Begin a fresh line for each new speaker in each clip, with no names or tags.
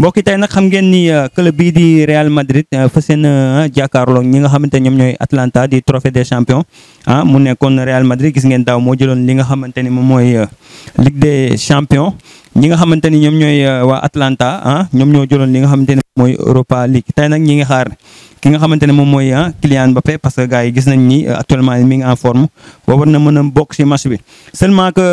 mbokki tey nag xam ngeen ni euh, club bii di Real Madrid euh, fa seen euh, jàkkaarloo ñi nga xamante ñoom ñooy Atlanta di trophée des champions ah mu nekkoon Real Madrid gis ngeen daaw moo jëloon li nga xamante ni moom mooy Ligue des champions ñi nga xamante ni ñoom ñooy waa Atlanta ah ñoom ñoo jëloon li nga xamante ni mooy Europa League tey nag ñi ngi xaar. ki nga xamante ne moom mooy ah, Kylian Mbappé parce que gars yi gis nañ ni euh, actuellement mi ngi en forme boo war na mën a bokk si mach bi seulement que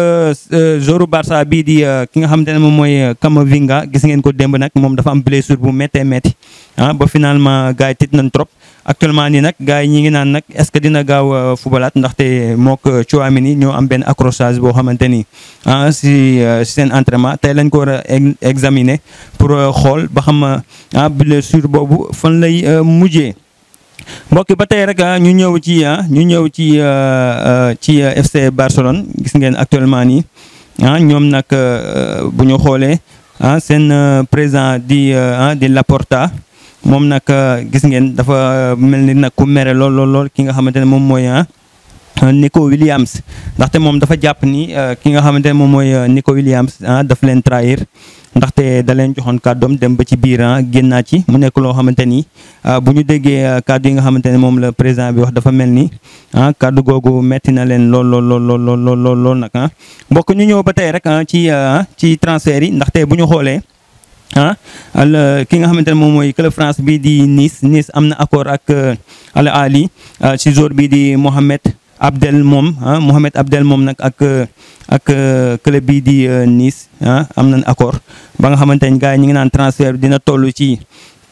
euh, joueur Barça bii di euh, ki nga xamante ne moom mooy Camavinga gis ngeen ko démb nag moom dafa am blessure bu méttee métti ah ba finalement gars yi tiit nañ trop actuellement nii nag gars yi ñi ngi naan nag est-ce que dina gaaw euh, fubalaat ndaxte mook Tchouaméni ñoo am benn accrochage boo xamante ni ah si euh, seen entrement tey lañ ko war a examiner pour euh, xool ba xam ah blessure boobu fan lay mujje mbokk ba tey rek ah, ñu ñëw ci ah, ñu ñëw ci ci FC Barcelone gis ngeen actuellement nii ah, ñoom nag bu ñu xoolee ah seen président di di Laporta. moom nag euh, gis ngeen dafa euh, mel ni nag ku mere lool lool lool ki nga xamante ne moom mooy euh, Nico Williams ndaxte moom dafa jàpp ni ki nga xamante ne moom mooy Nico Williams ah daf leen trahir ndaxte da leen joxoon kàddoom dem ba ci biir ah, génnaa ci mu nekk loo xamante ni ah, bu ñu déggee kàddu yi nga xamante ne moom la président bi wax dafa mel ni ah kàddu googu metti na leen lool lool lool lool nag ah mbokk ñu ñëw ba tey rek ah, ci ci transfert yi ndaxte bu ñu xoolee. Ah, euh, ki nga xamante ne moom mooy club France bii di Nice Nice am na accord ak euh, Al Ali euh, ci joueur bii di Mohamed Abdel moom ah Mohamed Abdel moom nag ak ak club bii di Nice ah am nañ accord ba nga xamante ne gars ñu ngi naan transfert dina toll ci.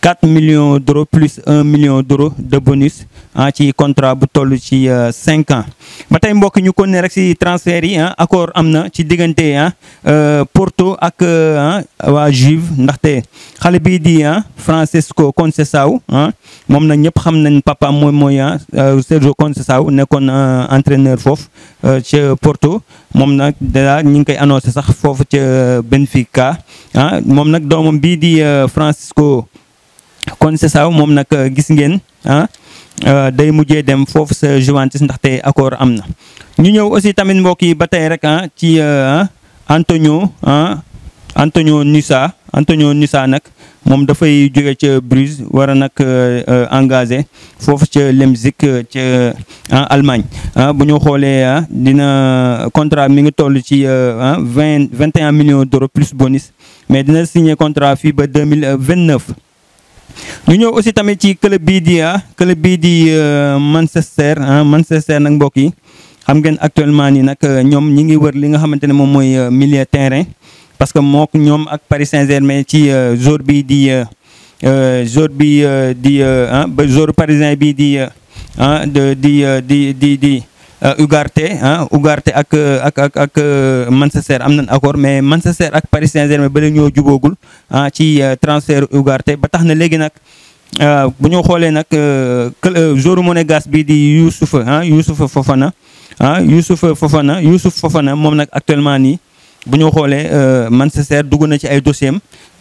4 millions d'euros plus 1 million d'euros de bonus en hein, ci contrat bu toll ci 5 euh, ans maintenant tey mbokk ñu ces transferts rek transfert yi hein, accord amna, na ci hein euh, Porto ak euh, hein, wa Juve ndaxte xale bii di hein, Francesco Conceição ah moom nag ñëpp xam nañ papa mooy mooy hein, euh, Sergio Conceição nekkoon entraîneur foofu ca Porto moom nag dèjà ñu ngi koy annoncé sax foofu ca Benfica hein moom nag doomam bii di Francisco kon c'est moom nag euh, gis ngeen ah euh, day mujjee dem foofu sa Juventus ndaxte accord am na. ñu ñëw aussi tamit mbokk yi ba tey rek ah, ci euh, ah, Antonio ah Antonio Nusa Antonio Nusa nag moom dafay jóge ca Bruges war a nag engagé foofu ca Leipzig ca en ah, Allemagne bu ñu xoolee dina contrat mi ngi toll ci vingt vingt et un millions d'euros plus bonus mais dina signé contrat fii ba mille vingt neuf. ñu ñëw aussi tamit ci club bii di ah club bii di euh, Manchester ah Manchester nag mbokk yi xam ngeen actuellement nii nag euh, ñoom ñu ngi wër li nga xamante ne moom mooy euh, milieu terrain parce que mook ñoom ak Paris Saint-Germain ci jour bii di jour bi di ah ba jour parisien bii di ah di di di di. Euh, Ugarte ah Ugarte ak ak ak ak euh, Manchester am nañ accord mais Manchester ak Paris Saint-Germain ba léegi ñoo juboogul ah ci euh, transfert Ugarte ba tax na léegi nag bu ñu xoolee nag joueur monégasque bii di Youssouf ah Youssouf Fofana ah Youssouf Fofana Youssouf Fofana moom nag actuellement nii bu ñu xoolee Manchester dugg na ci ay dossier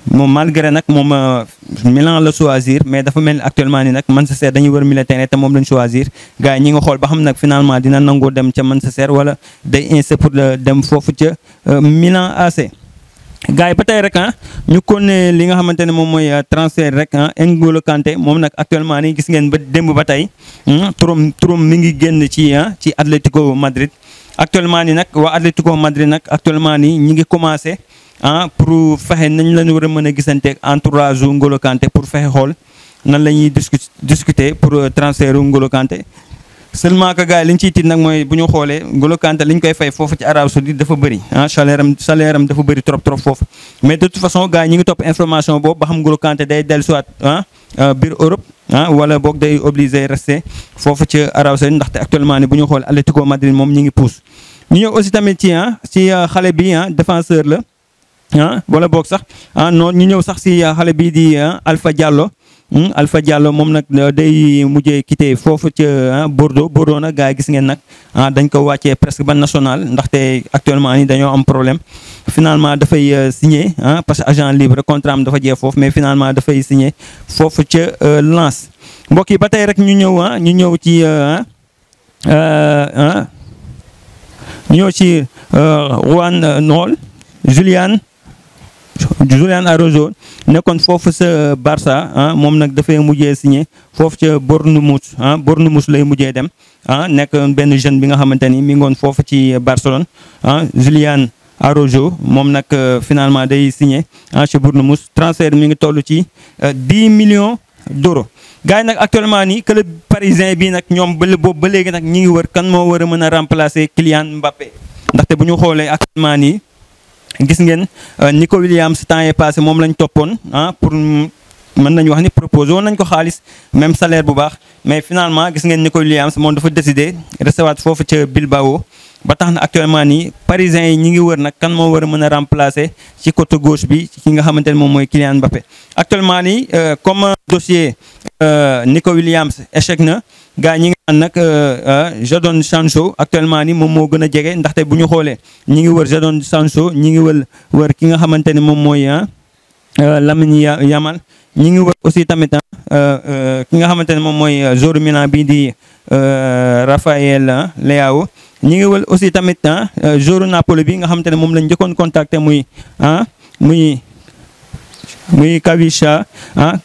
moom malgré nag moom euh, Milan la choisir mais dafa mel ni actuellement ni nag Manchester dañuy wër militaire te moom lañ choisir gars yi ñi nga xool ba xam nag finalement dina nangoo dem ca Manchester wala day insé pour euh, dem foofu ca euh, Milan AC. gars yi ba tey rek ah ñu konne li nga xamante ne moom mooy transfert rek ah N'Golo Kanté moom nag actuellement nii gis ngeen ba démb ba tey hmm, turam turam mi ngi génn ci ah ci Atlético Madrid actuellement ni nag waa Atlético Madrid nag actuellement nii ñi ngi commencé. ah pour fexe nañ lañu war a mën a gisante entourage u Ngolo Kanté pour fexe xool nan la ñuy discuter pour euh, transfert u Ngolo Kanté seulement que gars yi li ciy tiit nag mooy bu ñu xoolee Ngolo Kanté li koy fay foofu ci Arabie Saoudite dafa bëri ah salaire am salaire dafa bëri trop trop foofu mais de toute façon gars yi ñu ngi topp information boobu ba xam Ngolo Kanté day dellusiwaat ah euh, biir Europe ah, wala boog day obligé rester foofu ci Arabie Saoudite ndaxte actuellement ni bu ñu xoolee Atlético Madrid moom ñu ngi pousse. ñu ñëw tamit ci si ah, euh, xale bi ah la. ah wala boog sax ah noonu ñu ñëw sax si ah, xale bii di ah, Alpha Diallo hmm, alfa Diallo moom nag ah, day mujje quitté foofu ca Bordeaux Bordeaux nag gars yi gis ngeen nag ah dañ ko wàccee presque ba national ndaxte actuellement ni dañoo am problème finalement dafay euh, signé ah parce que agent libre contrat am dafa jee foofu mais finalement dafay signé foofu ca euh, Lens mbokk yi ba tey rek ñu ñëw ah ñu ñëw ci euh, ñu ñëw ci Juan Nool Julian Julian Arojo nekkoon foofu sa Barça ah moom nag dafay mujjee signé foofu ca Bournemouth ah Bournemouth lay mujjee dem ah nekk benn jeune bi nga xamante ni mi woon foofu ci Barcelone ah Julian Arojo moom nag euh, finalement day signé ah ca Bournemouth transfert mi ngi toll ci 10 euh, millions d'euros gars yi nag actuellement nii club parisien bii nag ñoom ba boobu ba léegi nag ñi ngi wër kan moo war a mën a remplacer Kylian Mbappé ndaxte bu ñu xoolee actuellement nii. gis ngeen euh, Nico Williams temps yii passé moom lañ toppoon ah pour mën nañu wax ni proposé woon nañ ko xaalis même salaire bu baax mais finalement gis ngeen Nico Williams moom dafa décidé recevoir foofu ca Bilbao. ba tax na actuellement nii parisiens yi ñu ngi wër nag kan moo war a mën a remplacer ci côté gauche bi ki nga xamante ne moom mooy Kylian Mbappé actuellement nii euh, comme dossier euh, Nico Williams échec na. gaa ñi nga naan nag euh, euh, Jadon Sancho actuellement ni moom moo gën a jege ndaxte bu ñu xoolee ñi ngi wër Jadon Sancho ñi ngi wër wër ki nga xamante ne moom mooy ah, euh, Lamine Yamal ñi ngi wër aussi tamit ah, ki nga xamante ne moom mooy joueur Milan bii di Raphaël ah, Leao ñi ngi wër aussi tamit joueur Napoli bi nga xamante ne moom lañ njëkkoon contacté muy muy muy Kavicha ah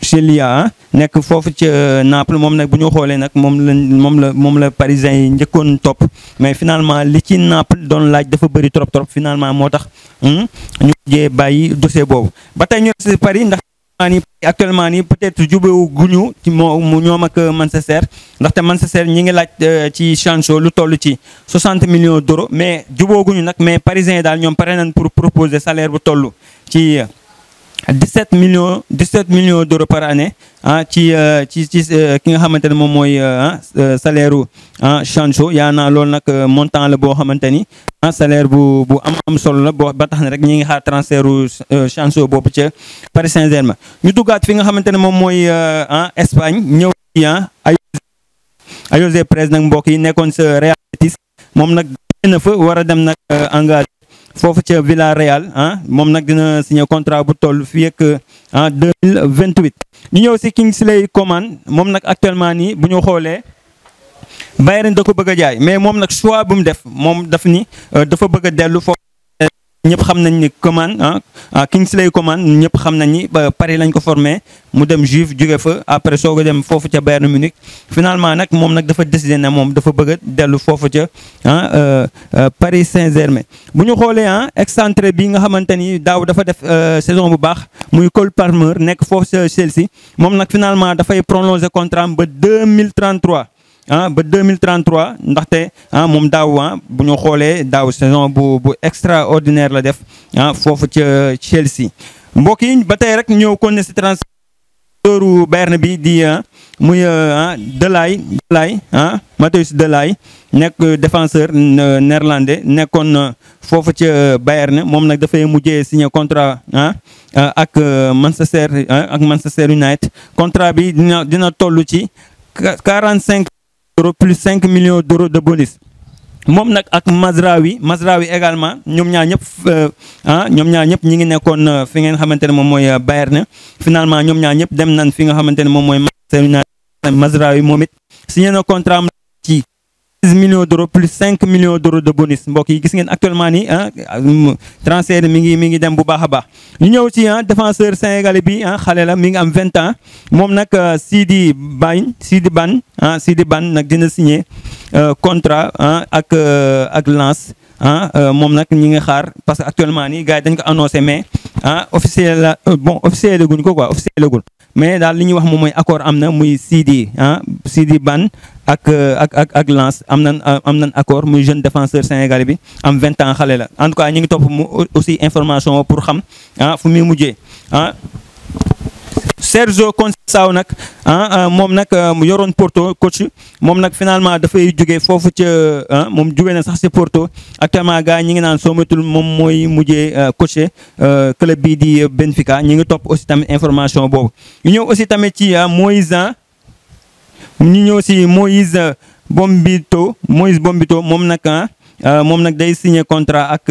chez l'IA ah, nekk foofu ci euh, Naples mom, nak buñu xolé nak mom, mom, la mom la moom la parisien yi top. mais finalement li ci Naples doon laaj dafa bëri trop trop finalement motax tax hmm, ñu jé bàyyi dossier boobu batay ñu ci Paris ndax actuellement ni peut-être wu guñu ci moo ñoom ak euh, Manchester ndaxte Manchester ñi ngi laaj euh, ci Sancho lu toll ci 60 millions d'euros mais juboo guñu nag mais parisien yi daal ñoom pare nañ pour proposer salaire bu tollu ci 17 millions 17 millions d'euros par année ah ci ci ci euh, ki nga xamante ne moom mooy euh, salaire u ah Sancho yaa naa loolu nag montant la boo xamante ni ah salaire bu bu am am solo la boo ba tax na rek ñi ngi xaar transfert u Sancho boobu ca Paris saint ma ñu duggaat fi nga xamante ne moom mooy en Espagne ñëw ci ah Ayoze Pérez nag mbokk yi nekkoon sa Real moom nag na fa war a dem nag engage foofu ca Villarreal hein. Ah, mom nak dina signé contrat bu toll fi ak ah, en 2028. ñu ñëw ci Kingsley Coman mom nak actuellement ni bu ñu xolé Bayern da ko bëgg jaay mais moom nag choix bu mu def mom daf ni euh, dafa bëgg déllu dellu ñëpp xam nañ ni Coman ah Kingsley Coman ñëpp xam nañ ni Paris lañ ko formé mu dem Juve jóge fa après soog a dem foofu ca Bayern Munich finalement nag moom nag dafa décidé ne moom dafa bëgg dellu foofu ca ah Paris Saint-Germain. bu ñu xoolee ah excentré bi nga xamante ni daaw dafa def euh, saison bu baax muy Cole Palmer nekk foofu ca Chelsea moom nag finalement dafay prolongé contrat ba 2033. ah ba 2033 ndaxte ah hein, mom daw ah hein, bu ñu saison bu bu extraordinaire la def ah fofu ci Chelsea mbok yi batay rek ñew ñëw kon si transferu Bayern bi di muy ah euh, Delay Delay ah Matheus Delay nek défenseur néerlandais nekkoon euh, fofu ci euh, Bayern nak da fay mujjé signé contrat ah ak Manchester ak Manchester United contrat bi dina dina toll ci 45 euros plus 5 millions d' euros de bonus. moom nag ak Mazraoui Mazraoui également ñoom ñaar ñëpp euh, ah ñoom ñaar ñëpp ñi ngi nekkoon euh, fi ngeen xamante ne moom mooy euh, na finalement ñoom ñaar ñëpp dem nañ fi nga xamante ne moom mooy Mazraoui moom it signé na contrat millions d'euros plus cinq millions d'euros de bonus mbokk yi gis ngeen actuellement ni ah mi ngi mi ngi dem bu baax a baax ñu ñëw si ah défenseur sénégalais bi ah, xale la mi ngi am vingt ans moom nag euh, Sidi Bañ Sidi Ban ah Sidi Ban nag dina signé euh, contrat ah ak euh, ak Lens ah moom nag ñu ngi xaar parce que actuellement nii gars yi dañ ko annoncé mais ah officiel bon officiel guñ ko quoi officiel lagul mais daal li ñuy wax moom mooy accord am na muy Sidi ah Sidi Ban ak ak ak ak Lance am nan am na accord muy jeune défenseur sénégal bi am vingt ans xale la en tout cas ñu ngi topp mu aussi information pour xam ah fu muy mujjee ah Sergio saaw nag ah, ah moom nag ah, yoroon Porto coach moom nag finalement dafay jóge foofu ci ah moom jóge na sax si Porto actuellement gars ñi ngi naan soo matul moom mooy mujjee ah, coacher club bii di Benfica ñi ngi topp aussi tamit information boobu. ñu ñëw aussi tamit ci Moïse ñu ñëw si Moïse Bombito Moïse Bombito moom nag ah moom nag day signe contrat ak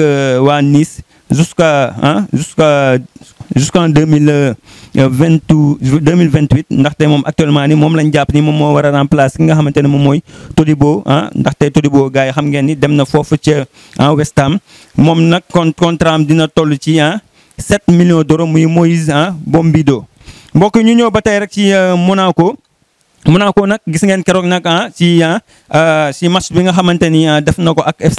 waa Nice. jusqu'à ah jusqu'à jusqu'en deux mille vingt mille vingt huit ndaxte moom actuellement ni moom lañ jàpp ni moom moo war a remplacer ki nga xamante ne moom mooy Todibo ah ndaxte Todibo gars yi xam ngeen ni dem na foofu ca en West Ham moom nag kon contrat am dina toll ci ah sept millions d'euros muy Moïse ah Bombido mbokk ñu ñëw ba tey rek ci euh, Monaco. Monaco nag gis ngeen keroog nag ah ci ah euh, si match bi nga xamante ni def na ko ak FC.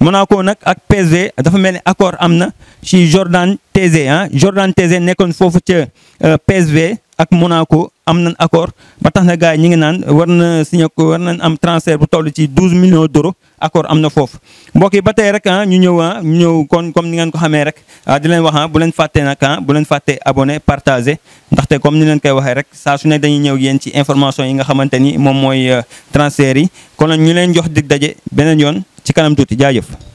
Monaco nag ak PSG dafa mel ni accord am na ci Jordan Taze ah Jordan Taze nekkoon foofu ca euh, PSV ak Monaco am na accord ba tax na gars yi ñu ngi naan war na signé ko war na am transfert bu toll ci douze millions d'euros accord am na foofu. mbokk yi ba tey rek ah ñu ñëw ah, ñu ñëw kon comme ni ngeen ko xamee rek ah, di leen wax ah bu leen fàttee nag ah bu leen fàttee abonné partage ndaxte comme ni leen koy waxee rek saa su nekk dañuy ñëw yéen ci information yi nga xamante ni moom mooy euh, transfert yi kon ñu leen jox dig daje beneen yoon. ci kanam tuuti jaajëf.